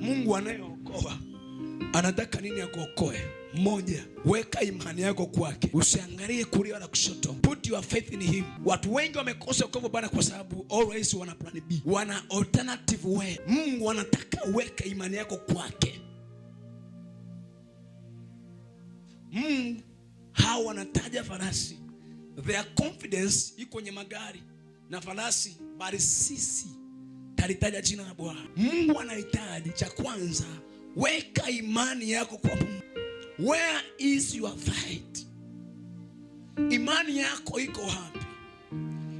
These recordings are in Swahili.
Mungu anayeokoa anataka nini akuokoe? Moja, weka imani yako kwake, usiangalie kulia wala kushoto. Put your faith in him. Watu wengi wamekosa wokovu bana, kwa sababu always wana plan B, wana alternative way. Mungu anataka weka imani yako kwake. Mungu hao wanataja farasi, their confidence iko kwenye magari na farasi, bali sisi talitaja jina la Bwana. Mungu anahitaji cha kwanza, weka imani yako kwa Mungu. Where is your faith? Imani yako iko hapa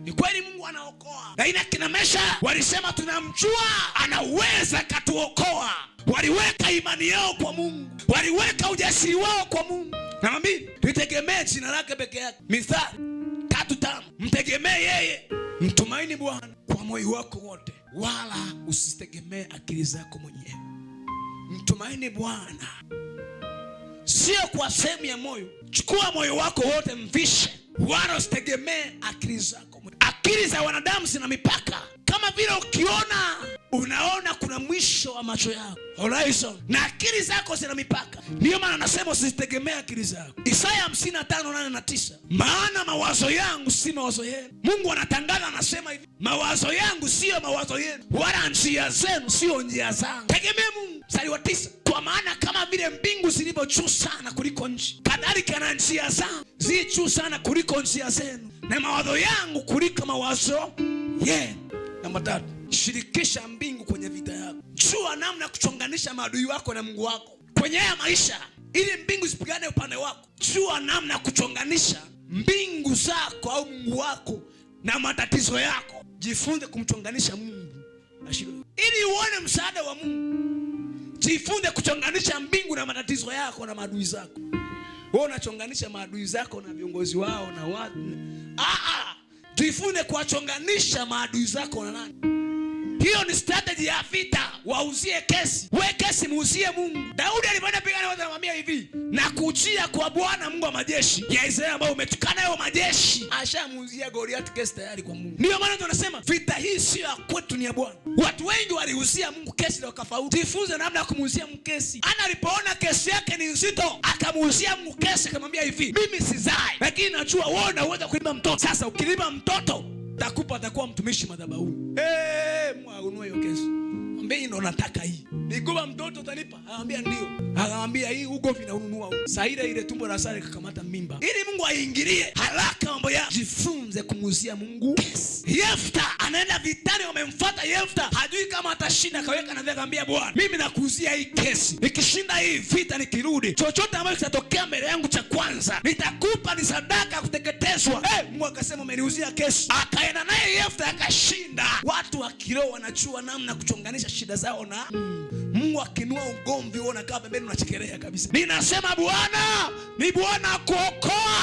Ni kweli Mungu anaokoa, lakini akina Mesha walisema tunamjua, anaweza katuokoa. Waliweka imani yao kwa Mungu, waliweka ujasiri wao kwa Mungu. Naambi tuitegemee jina lake peke yake. Mithali tatu tano, mtegemee yeye, mtumaini Bwana kwa moyo wako wote, wala usitegemee akili zako mwenyewe. Mtumaini Bwana sio kwa sehemu ya moyo. Chukua moyo wako wote, mvishe, wala usitegemee akili zako. Akili za wanadamu zina mipaka, kama vile ukiona unaona kuna mwisho wa macho yako horizon, na akili zako zina mipaka. Ndiyo maana anasema usizitegemee akili zako, Isaya 55:8 na 9, maana mawazo yangu si mawazo yenu. Mungu anatangaza anasema hivi, mawazo yangu siyo mawazo yenu, wala njia zenu siyo njia zangu. Tegemee Mungu. Mstari wa tisa kwa maana kama vile mbingu zilivyo juu sana kuliko nchi, kadhalika na njia zangu zi juu sana kuliko njia zenu, na mawazo yangu kuliko mawazo yenu. Namba tatu Shirikisha mbingu kwenye vita yako. Jua namna ya kuchonganisha maadui wako na Mungu wako kwenye haya maisha, ili mbingu zipigane upande wako. Jua namna ya kuchonganisha mbingu zako au Mungu wako na matatizo yako. Jifunze kumchonganisha Mungu ili uone msaada wa Mungu. Jifunze kuchonganisha mbingu na matatizo yako na maadui zako. Wewe unachonganisha maadui zako na viongozi wao na watu. Ah ah. Jifunze kuwachonganisha maadui zako na nani? Hiyo ni strategy ya vita, wauzie kesi. We kesi muuzie Mungu. Daudi alipoenda pigana watu anamwambia hivi, na kuchia kwa Bwana Mungu wa majeshi ya Israeli ambao umetukana hayo majeshi. Ashamuuzia Goliath kesi tayari kwa Mungu. Ndio maana tunasema vita hii sio ya kwetu, ni ya Bwana. Watu wengi waliuzia Mungu kesi na wakafaulu. Jifunze namna ya kumuuzia Mungu kesi. Ana alipoona kesi yake ni nzito, akamuuzia Mungu kesi akamwambia hivi, mimi sizai, lakini najua wewe unaweza kuiba mtoto. Sasa ukilima mtoto hayupo atakuwa mtumishi madhabahu. Hey, mwanunue hiyo kesho. Mwambie ndo nataka hii. nikuba mtoto utanipa? Anamwambia ndio. Akamwambia hii huko vinaununua huko. Saida ile tumbo la sare kakamata mimba. Ili Mungu aingilie haraka mambo ya jifunze kumuzia Mungu. Yefta anaenda vitani, wamemfuata Yefta. Hajui kama atashinda, kaweka na akamwambia Bwana, mimi nakuuzia hii kesi. Nikishinda hii vita nikirudi, chochote ambacho kitatokea mbele yangu cha kwanza, nitakupa ni sadaka kutek akateswa, hey, eh, akasema umeniuzia kesho. Akaenda naye Yefta akashinda. Watu wa kiroho wanachua namna kuchonganisha shida zao na mm. Mungu akinua ugomvi, unakaa pembeni unachekelea kabisa. Ninasema Bwana ni Bwana kuokoa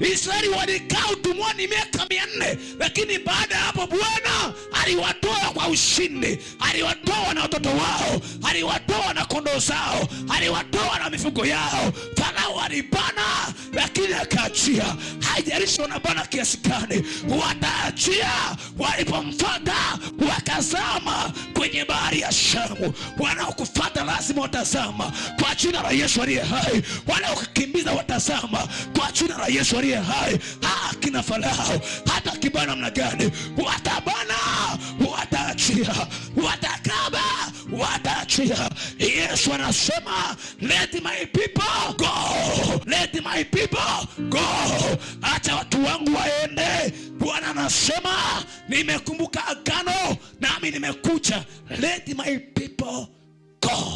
Israeli walikaa utumwani miaka mia nne, lakini baada ya hapo Bwana aliwatoa kwa ushindi. Aliwatoa na watoto wao, aliwatoa na kondoo zao, aliwatoa na mifugo yao. Farao alibana, lakini akaachia. Haijalishi wanabana kiasi gani, wataachia. Walipomfata wakazama kwenye bahari ya Shamu. Wanaokufata lazima watazama kwa jina la Yesu aliye hai, wanaokukimbiza watazama kwa jina la Yesu aliye hai. Akina Farao hata kibana namna gani, watabana, wataachia, watakaba, wataachia. Yesu anasema let my people go, let my people go, acha watu wangu waende. Bwana anasema nimekumbuka agano mimi nimekuja, let my people go.